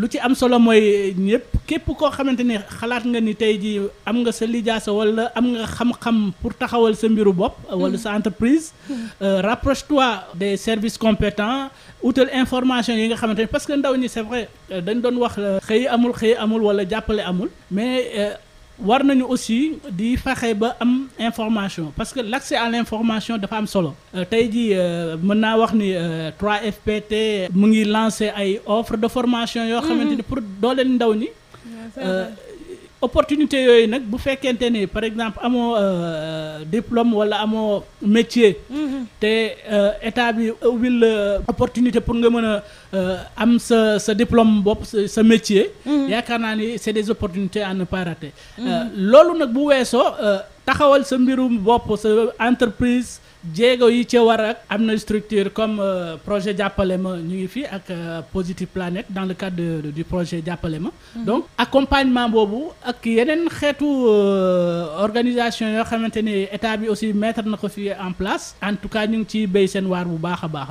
lu ci am solo mooy ñëpp képp koo xamante ni xalaat nga ni tey jii am nga sa lijaasa wala am nga xam-xam pour taxawal sa mbiru bopp. Mm-hmm. wala sa entreprise. Mm-hmm. Euh, rapproche-toi des service compétents utal information yi nga xamante ni parce que ndaw ñi c'est vrai dañ doon wax xëy amul xëy amul wala jàppale amul mais war nañu aussi di fexe ba am information parce que l' accès à l' information dafa am solo euh, tey jii euh, mën naa wax ni 3FPT euh, mu ngi lancé ay offre de formation yoo mm-hmm. xamante ni pour dooleel ndaw ñi opportunité yooyu nag bu fekkente ni par exemple amoo euh, diplôme wala amoo métier. Mm-hmm. te euh, état bi ubbil opportunité pour nga mën a euh, am sa sa diplôme bopp sa métier. Mm-hmm. yaakaar naa ni c'est des opportunités en ne pas mm-hmm. loolu nag bu weesoo taxawal sa mbirum bopp sa entreprise. jéego yi ci war ak am na structure comme euh, projet jàppale ma ñu ngi fii ak euh, Positive Planète dans le cadre du projet jàppale ma mhm. donc accompagnement boobu ak yeneen xeetu euh, organisation yoo xamante ni état bi aussi mettre na ko fii en place en tout cas ñu ngi ciy béy seen waar bu baax a baax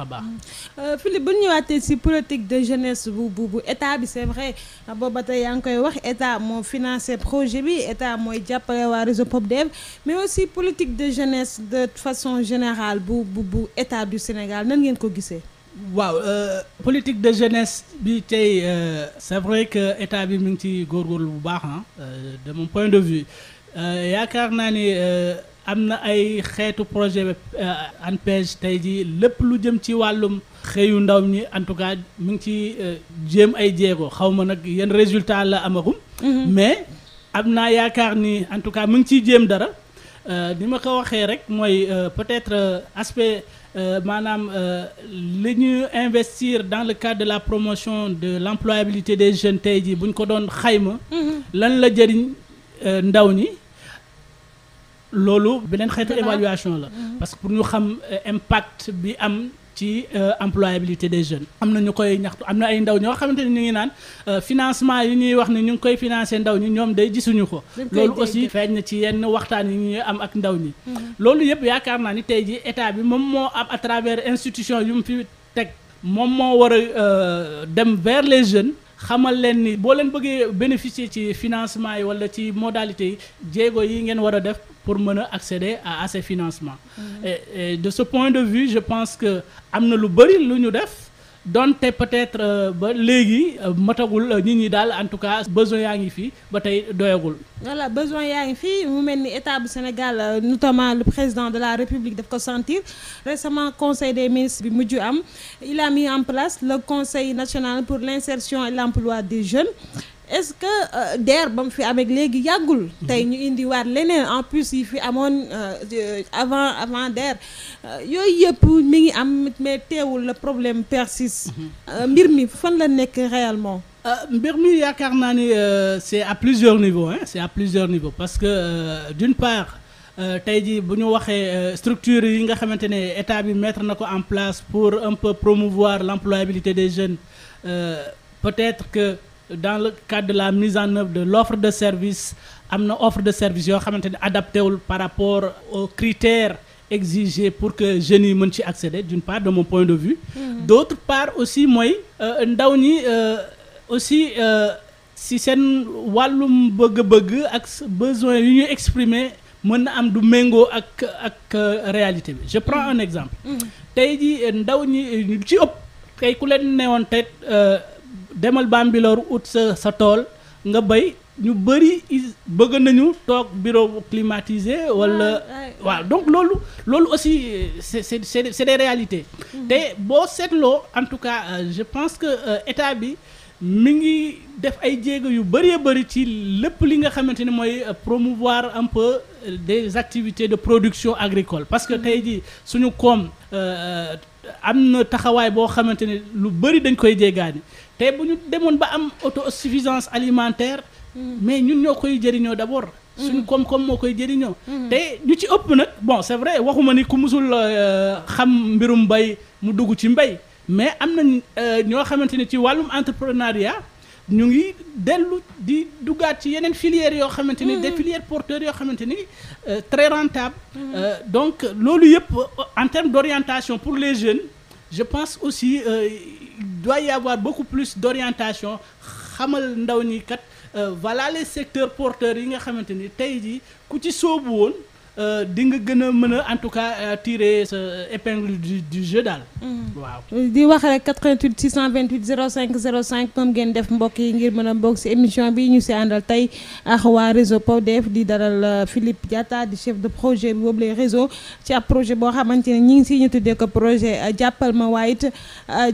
si mhm. politique de jeunesse bu bu bu état bi c'est vrai booba yaa ngi koy wax état moo financé projet bi état mooy jàppale waa réseau POPDEV mais aussi politique de jeunesse de façon général bu bu bu état du Sénégal nan ngeen ko gisee. waaw euh, politique de jeunesse bi tey euh, c'est vrai que état bi mi ngi ci góorgóorlu bu baax ah de mon point de vue yaakaar naa ni am na ay xeetu projet ANPEJ tey jii lépp lu jëm ci wàllum xëyu ndaw ñi en tout cas mi ngi ci jéem ay jéego xaw ma nag yan résultat la amagum mm-hmm. mais am naa yaakaar ni en tout cas mi ngi ciy jéem dara Euh, ni ma ko waxee rek mooy euh, peut-être euh, aspect maanaam li ñu investir dans le cadre de la promotion de l'employabilité des jeunes tey jii bu ñu ko doon xayma. Mhm. lan la jëriñ ndaw ñi. loolu beneen xeetu évaluation la. Mhm. parce que pour ñu xam impact bi am. ci euh, employabilité des jeunes am na ñu koy ñaxtu am na ay ndaw ñoo xamante ni ñu ngi naan euh, financement yi ñuy wax ne ñu ngi koy financé ndaw ñi ñoom day gisuñu ko loolu aussi feeñ na ci yenn waxtaan yi ñuy am ak ndaw ñi mm-hmm. loolu yëpp yaakaar naa ni tey ji état bi moom moo am à travers institution yu mu fi teg moom moo war a euh, dem vers les jeunes xamal leen ni boo leen bëggee bénéficier ci financement yi wala ci modalité yi jéego yi ngeen war a def pour mën a accéder à à financement financements. Mm-hmm. de ce point de vue je pense que am na lu bëri lu ñu def. donte peut-être euh, ba léegi euh, matagul euh, nit ñi daal en tout cas besoin yaa ngi fi ba tey doyagul. voilà besoin yaa ngi fi mu mel ni état bu Sénégal notamment le président de la République daf ko sentir récemment conseil des ministres bi mujj am il a mis en place le conseil national pour l'insertion et l'emploi des jeunes. est-ce que euh, DER ba mu fi amee léegi yàggul. Mhm. tey ñu indiwaat leneen en plus yi fi amoon euh, euh, avant avant DER yooyu yëpp mi ngi am mais teewul le problème persiste. Mhm. mbir mi fan la nekk réellement. mbir mi yaakaar naa ni c'est à plusieurs niveaux hein c'est à plusieurs niveaux parce que d'une part. tey jii bu ñu waxee structures yi nga xamante ne état bi mettre na ko en place pour un peu promouvoir l'employabilité des jeunes peut-être que dans le cadre de la mise en œuvre de l'offre de service am na offre de service yoo xamante ne adapté wul par rapport aux critères exigés pour que jeunes yi mën ci accéder d'une part de mon point de vue mmh. d'autre part aussi mooy euh, ndaw ñi euh, aussi euh, si seen wàllum bëgg-bëgg ak besoin yu ñuy exprimer mën na am du méngoo ak ak réalité bi je prends mm-hmm. un exemple mm-hmm. tey ndaw ñi ci ëpp tey ku leen newoon tey demal Bambilor ut sa sa tool nga bay ñu bëri bëgg nañu toog bureau climatisé wala waaw donc loolu loolu aussi c'est c'est c'est des réalités mm-hmm. te boo seetloo en tout cas euh, je pense que euh, état bi mu ngi def ay jéego yu bëree bëri ci lépp li nga xamante ni mooy euh, promouvoir un peu des activités de production agricole parce que mm-hmm. tey jii suñu koom am na taxawaay boo xamante ne lu bëri dañ koy jéggaani te bu ñu demoon ba am suffisance alimentaire mm. mais ñun ñoo koy jëriñoo d'abord mm. suñu koom-koom moo koy jëriñoo mm. te ñu ci ëpp nag bon c'est vrai waxuma ni ku musul euh, xam mbirum mbay mu dugg ci mbay mais am nañ euh, ñoo xamante ni ci wàllum entrepreneuriat ñu ngi dellu di duggaat ci yeneen filières yoo xamante ni des filières porteurs yoo xamante ni euh, très rentable donc loolu yëpp en termes d'orientation pour les jeunes je pense aussi doit y avoir beaucoup plus d'orientation xamal ndaw ni kat euh, voilà les secteurs porteurs yi nga xamante ni tey jii ku ci soobu woon Euh, di nga gën a mën a en tout cas euh, tirer sa épingle du du jeu daal. Mm-hmm. waaw di wax rek 88 628 05 05 moom ngeen def mbokk yi ngir mën a mbokk si émission bi ñu si àndal tey ak waa réseau PAWDEF di dalal euh, Philippe Diatta di chef de projet boobu les réseaux ci ab projet boo xamante ne ñi ngi si ñu tuddee ko projet jàppal ma waaye it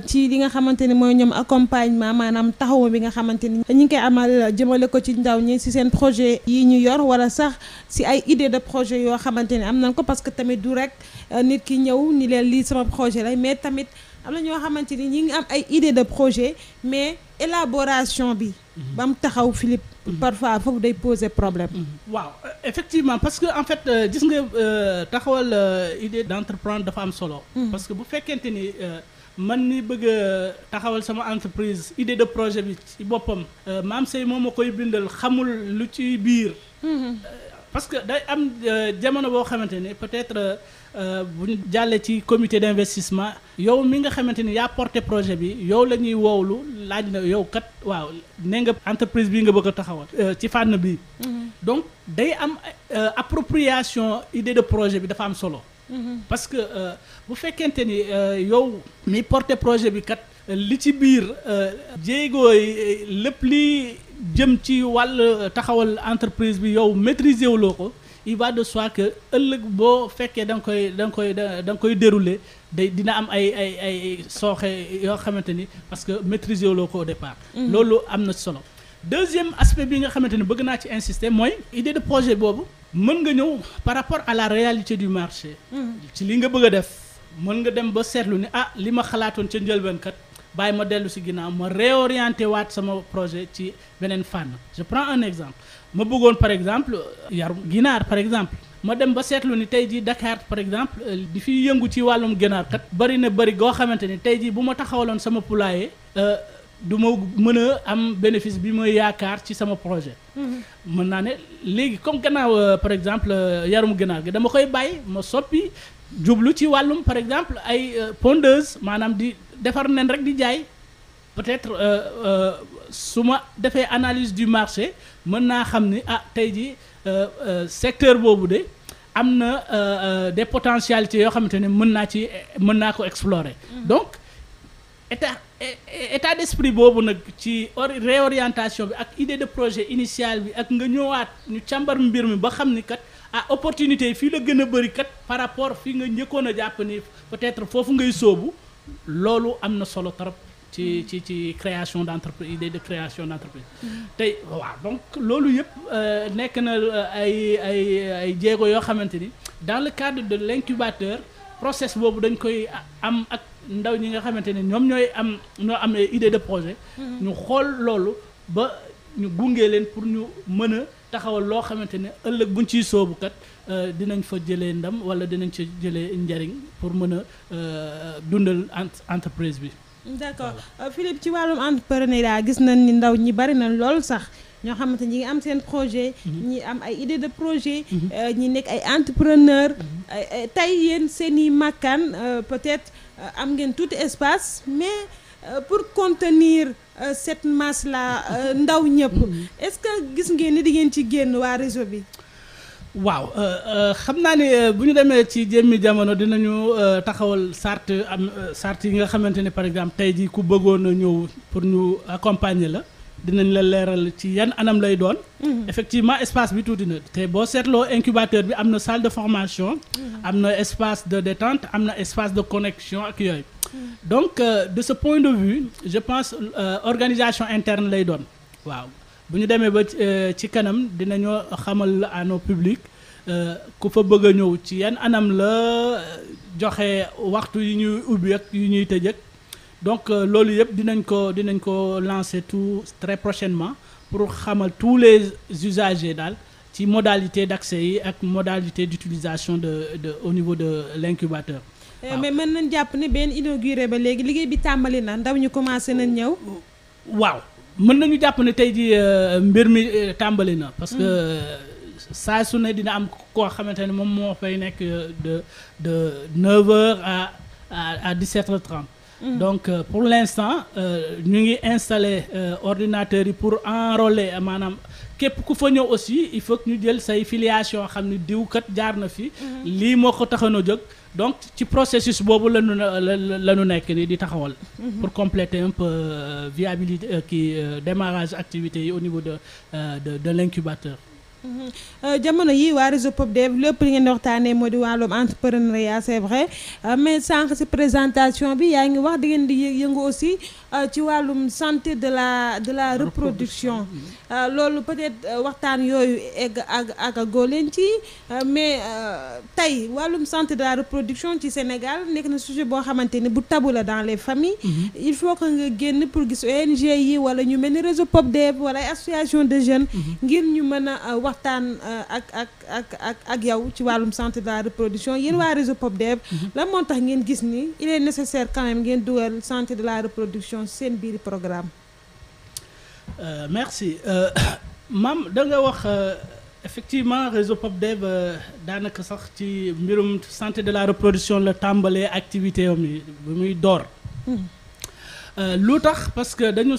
ci li nga xamante ne mooy ñoom accompagnement maanaam taxawu bi nga xamante ni. ñi ngi koy amal jëmale ko ci ndaw ñi si seen projet yi ñu yor wala sax si ay idée de projet yoo xamante ne am nañ ko parce que tamit du rek euh, nit ki ñëw ni leen lii sama projet la mais tamit na ñoo xamante ni ñi ngi am ay idée de projet mais élaboration bi mhm. ba mu taxaw Philippe mhm. parfois foofu day poser problème mhm. waaw euh, effectivement parce que en fait euh, gis nga taxawal idée d'entreprendre dafa am solo parce que bu fekkente ni man ni bëgg a taxawal sama entreprise idée de projet bi ci boppam maam sey moom ma koy bindal xamul lu ci biir parce que day am euh, jamono boo xamante ni peut-être euh, euh, bu ñu jàllee ci comité d'investissement yow mi nga xamante ni yaa porté projet bi yow la ñuy woowlu laaj na yow kat waaw nee nga entreprise bi nga bëgg a taxawal ci fànn bi mm-hmm. donc day am appropriation idée de projet bi dafa am solo mm-hmm. parce que bu fekkente ni yow mi porté projet bi kat li ci biir jéegooy lépp lii jëm ci wall euh, taxawal entreprise bi yow maîtriser wuloo ko il va de soi que ëllëg boo fekkee da nga koy da nga koy da nga koy dérouler day dina am ay ay ay sooxe yoo xamante ni parce que maîtriser wuloo ko au départ. Mm-hmm. loolu am na solo. deuxième aspect bi nga xamante ni bëgg naa ci insister mooy idée de projet boobu mën nga ñëw par rapport à la réalité du marché. Mm-hmm. ci li nga bëgg a def mën nga dem ba seetlu ni ah li ma xalaatoon ca njëlbeen bàyyi ma dellu si ginnaaw ma réorienté waat sama projet ci beneen fànn je prends un exemple ma bëggoon par exemple yarum ginaar par exemple ma dem ba seetlu ni tey jii dakaar par exemple euh, di fi yëngu ci wàllum ginaar kat bari na bari goo xamante ni tey jii bu ma taxawaloon sama poulailler euh, du ma mën a am bénéfice bi ma yaakaar ci sama projet. Mm-hmm. mën naa ne léegi comme gannaaw euh, par exemple yarum ginaar gi dama koy bàyyi ma soppi jublu ci wàllum par exemple ay pondeuse maanaam di. defar nen rek di jaay peut-être euh, euh, su ma defee analyse du marché mën naa xam ni ah tey ji euh, secteur boobu de am na des potentialités yoo xamante ne mën naa ci mën naa ko explorer mm-hmm. donc état état d'esprit boobu nag ci réorientation bi ak idée de projet initial bi ak nga ñëwaat ñu càmbar mbir mi ba xam ni kat ah opportunité yi fii la gën a bëri kat par rapport fii nga njëkkoon a jàpp ni peut-être foofu ngay soobu loolu am na solo trop ci ci ci création d'entreprise idée de création d'entreprise mm-hmm. tey waaw donc loolu yëpp euh, nekk na euh, ay ay ay jéego yoo xamante ni dans le cadre de l'incubateur process boobu dañ koy am ak ndaw ñi nga xamante ni ñoom ñooy am ñoo amee idée de projet mm-hmm. ñu xool loolu ba ñu gunge leen pour ñu mën a taxawal loo xamante ne ëllëg buñ ciy soobukat Euh, dinañ fa jëlee ndam wala dinañ ci jëlee njariñ pour mën a euh, dundal entreprise bi. d'accord euh, Philippe ci wàllum entrepreneuriat gis nañ ni ndaw ñi bari na lool sax. ñoo xamante ñi ngi am seen projet mhm. ñi am ay idée de projet mhm. ñi nekk ay entrepreneur mhm. tey yéen seen i màkkaan peut-être am ngeen tout espace mais pour contenir cette masse là ndaw ñëpp est-ce que gis ngeen ni di ngeen ci génn waa réseau bi waaw euh, euh, xam naa ni euh, bu ñu demee ci jëmmi jamono dinañu taxawal sart am sart yi nga xamante ne par exemple tey jii ku bëggoon a ñëw pour ñu accompagner la dinañ la leeral ci yan anam lay doon. Mhm. effectivement espace bi tuuti na te boo seetloo incubateur bi am na salle de formation. Mhm. am na espace de détente am na espace de connection ak yooyu. Mhm. donc de ce point de vue je pense organisation interne lay doon waaw. bu ñu demee ba ci euh, kanam dinañoo xamal à publique publics euh, ku fa bëgg a ñëw ci yan anam la euh, joxe waxtu yi ñuy ubbi ak yu ñuy tëj donc loolu yëpp dinañ ko dinañ ko lancer tout très prochainement pour xamal tous les usagers daal ci modalité d'accès yi ak modalité d'utilisation de de au niveau de l'incubateur eh, waaw mais mën nañ jàpp ni benn inauguré ba léegi liggéey bi tàmbali na ndaw ñu commencé nañ ñëw waaw mën nañu jàpp ne tey ji euh, mbir mi euh, tàmbali na parce que euh, saa su ne dina am koo xamante ne moom moo fay nekk de de 9 à à à 17h30. Mmh. donc pour l'instant ñu ngi installer ordinateur yi pour enrôler maanaam képp ku fa ñëw aussi il faut ñu jël say filiation xam ni diw kat jaar na fi. Mm-hmm. lii moo ko taxoon a jóg. donc ci processus boobu la ñu la ñu nekk ni di taxawal. Mhm. pour compléter un peu euh, viabilité euh, kii euh, démarrage activité yi au niveau de de de l'incubateur. Mhm. jamono yi waa réseau PopDev lépp li ngeen di waxtaanee moo di wàllum entrepreneuriat c'est vrai mais sànq si présentation bi yaa ngi wax di ngeen di yëngu aussi. Euh, ci wàllum santé de la de la reproduction euh, loolu peut-être euh, waxtaan yooyu egg ak ak agoo leen ci mais tey wàllum santé de la reproduction ci Sénégal nekk na sujet boo xamante ni bu tabu dans les familles mhm. il faut que nga génn pour gis ONG yi wala ñu mel ni réseau POPDEV wala association de jeunes mhm. ngir ñu mën a waxtaan ak ak ak ak ak yow ci wàllum santé de la reproduction yéen mhm. waa réseau POPDEV lan moo tax ngeen gis ni il est nécessaire quand même ngeen dugal de la reproduction biir programme. Euh, merci euh, maam da nga wax euh, effectivement réseau PopDev daanaka sax ci mbirum santé de la reproduction la tàmbalee activité yi bu muy door. Hmm. lu tax parce que dañu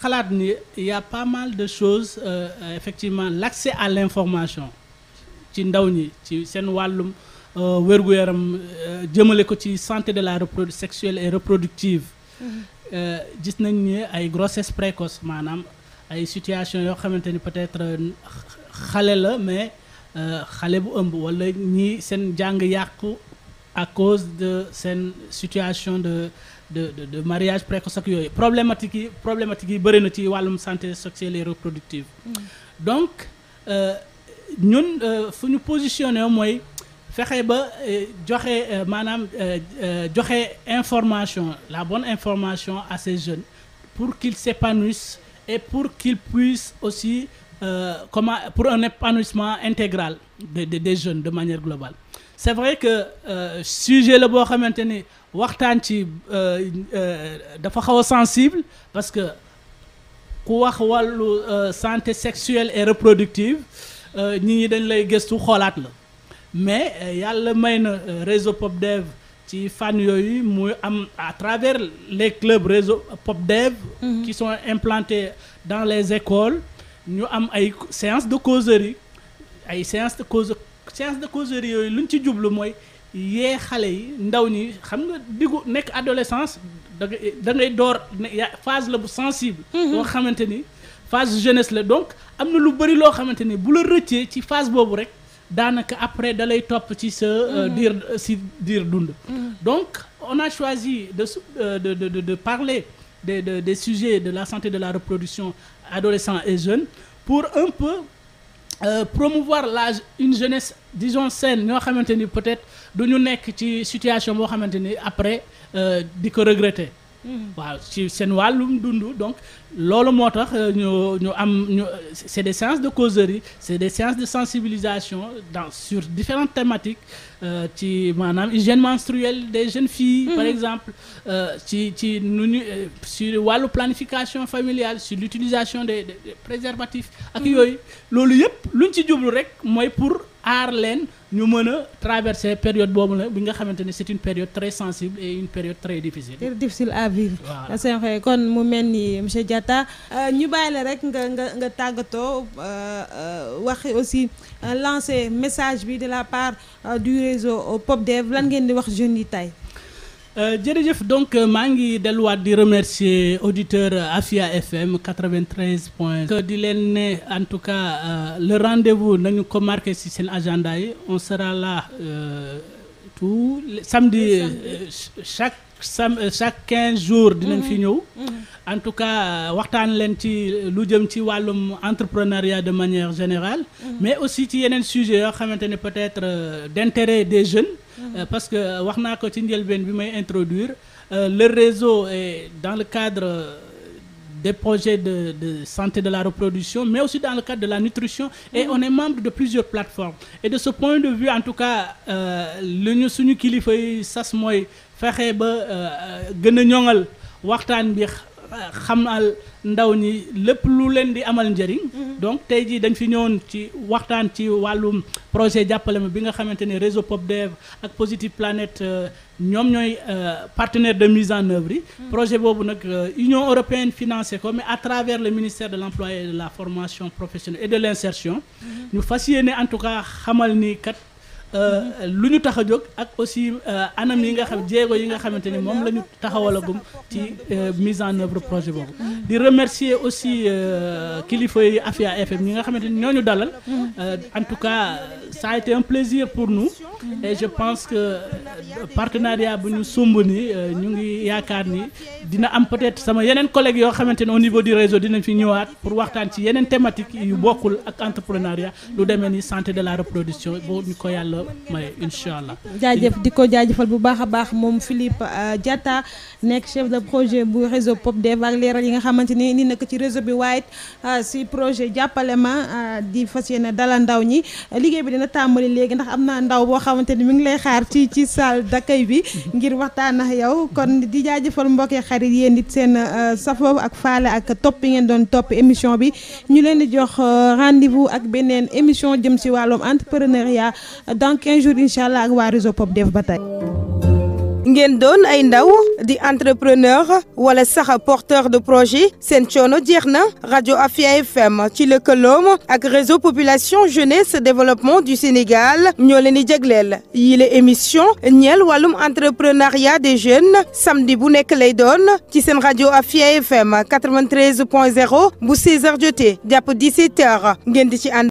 xalaat ni y a pas mal de choses effectivement l'accès à l'information ci ndaw ñi ci seen wàllum wér-gu-yaram jëmale ko ci santé de la reproduction sexuelle et reproductive. Hmm. Euh, gis nañ ni ay grossesse précoce maanaam ay situation yoo xamante ni peut-être euh, xale la mais euh, xale bu ëmb walla ñi seen jàng yàqu à cause de seen situation de de de, de mariage précoce ak yooyu problématique yi problématique yi bëri na ci wàllum santé sexuelle et reproductive mm. donc ñun fu ñu positionné mooy fexe ba euh, joxe euh, maanaam euh, joxe information la bonne information à ces jeunes pour qu'ils s'épanouissent et pour qu'ils puissent aussi euh, comment pour un épanouissement intégral de, de des jeunes de manière globale c'est vrai que euh, sujet la boo xamante ni waxtaan ci dafa xaw a sensible parce que ku wax wàllu santé sexuelle et reproductive nit ñi dañ lay gëstu xoolaat la mais euh, yàlla may na euh, réseau PopDev ci fànn yooyu muy am à travers les clubs réseau PopDev. Mhm. qui sont implantés dans les écoles ñu am ay séance de causerie ay séance de cause séance de causerie yooyu lu ñu ci jublu mooy yee xale yi ndaw ñi xam nga diggu nekk adolescence da ngay da door phase la bu sensible. Mhm. boo xamante ni phase jeunesse la donc am na lu bëri loo xamante ni bu la rëccee ci phase boobu rek. daanaka après da lay topp ci sa euh, mm-hmm. diir si diir dund mm-hmm. donc on a choisi euh, de de de, de parler des de, des sujets de la santé de la reproduction adolescents et jeunes pour un peu Euh, promouvoir la une jeunesse disons saine ñoo xamante ni peut-être du ñu nekk ci situation boo xamante ni après euh, di ko regretter. Mm-hmm. waaw ci seen wàllum dund donc loolu moo tax euh, ñu ñu am ñu c'est des séances de causerie c'est des séances de sensibilisation dans sur différentes thématiques euh, ci maanaam hygiène menstruelle des jeunes filles par mm-hmm. exemple euh, ci ci nu ñu sur wàllu planification familiale sur l'utilisation des préservatifs ak mm-hmm. yooyu loolu yëpp luñ ci jublu rek mooy pour aar leen ñu mën a traverser période boobu la bi nga xamante ne c'est une période très sensible et une période très difficile. très difficile à vivre. waaw c'est vrai mu mel ni monsieur Diatta. Euh, ñu bàyyi la rek nga nga nga tàggatoo euh, euh, wax aussi lancer message bi de la part du réseau POPDEV lan ngeen di wax jeune yi tey. Euh, jërëjëf donc euh, maa ngi delluwaat di remercier auditeur euh, Afia FM 93 point di leen ne en tout cas le rendez-vous nañu ko marqué ci seen agenda yi on sera là tout samedi chaque sam chaque quinze jours dinañ mm-hmm. fi ñëw mm-hmm. en tout cas waxtaan leen ci lu jëm ci wàllum entrepreneuriat de manière générale mm-hmm. mais aussi ci yeneen sujet yoo xamante ne peut-être euh, d'intérêt des jeunes euh, parce que wax naa ko ci njëlbeen bi may introduire euh, le réseau est dans le cadre des projets de de santé de la reproduction mais aussi dans le cadre de la nutrition et on est membre de plusieurs plateformes et de ce point de vue en tout cas lu ñu suñu kilifa yi sas mooy fexe ba euh, euh, gën a ñoŋal waxtaan bi xamal ndaw ñi lépp lu leen di amal njëriñ. Mm-hmm. donc tey jii dañ fi ñëwoon ci waxtaan ci wàllum projet jàppale ma bi nga xamante ne réseau PopDev ak Positive Planète euh, ñoom ñooy partenaire de mise en œuvre yi. Mm-hmm. projet boobu nag Union européenne financé ko mais à travers le ministère de l'emploi et de la formation professionnelle et de l'insertion. Mm-hmm. ñu fas yéene en tout cas xamal ni kat. Euh, lu ñu tax a jóg ak aussi euh, anam yi nga xam jéego yi nga xamante ni moom la ñu taxawalagum ci euh, mise en œuvre projet boobu. di remercier aussi kilifa yi Afia FM ñi nga xamante ni ñoo ñu dalal en tout cas. ça a été un plaisir pour nous et je pense que euh, partenariat bu ñu sumb ni euh, ñu ngi yaakaar ni dina am peut-être sama yeneen collègues yoo xamante ne au niveau du réseau dina fi ñëwaat pour waxtaan ci yeneen thématique yu bokkul ak entrepreneuriat lu demee ni santé de la reproduction boo ñu ko yàlla may incha allah. jaajëf di ko jaajëfal bu baax a baax moom Philippe euh, Diatta nekk chef de projet bu réseau POPDEV ak leeral yi nga xamante ni indi na ko ci réseau bi waaye si projet jàppale ma di fas yéene dalal ndaw ñi liggéey bi tàmbali léegi ndax am naa ndaw boo xamante ni mu ngi lay xaar ci ci salle d'accueil bi ngir waxtaan ak yow kon di jaajëfal mbokki xarit yéen it seen euh, safoo ak faale ak topp yi ngeen doon topp émission bi ñu leen di jox euh, rendez-vous ak beneen émission jëm si wàllum entrepreneuriat dans 15 jours incha allah ak waa réseau Pop Dev ba tey ngeen doon ay ndaw di entrepreneur wala sax porteur de projet seen coono jeex na rajo Afia FM ci lëkkaloom ak réseau population jeunesse développement du Sénégal ñoo leen di jagleel yile émission ñeel wàllum entrepreneuriat des jeunes samdi bu nekk lay doon ci seen rajo Afia FM 93 point 0 bu 16h jotee jàpp 17h ngeen di ci ànd.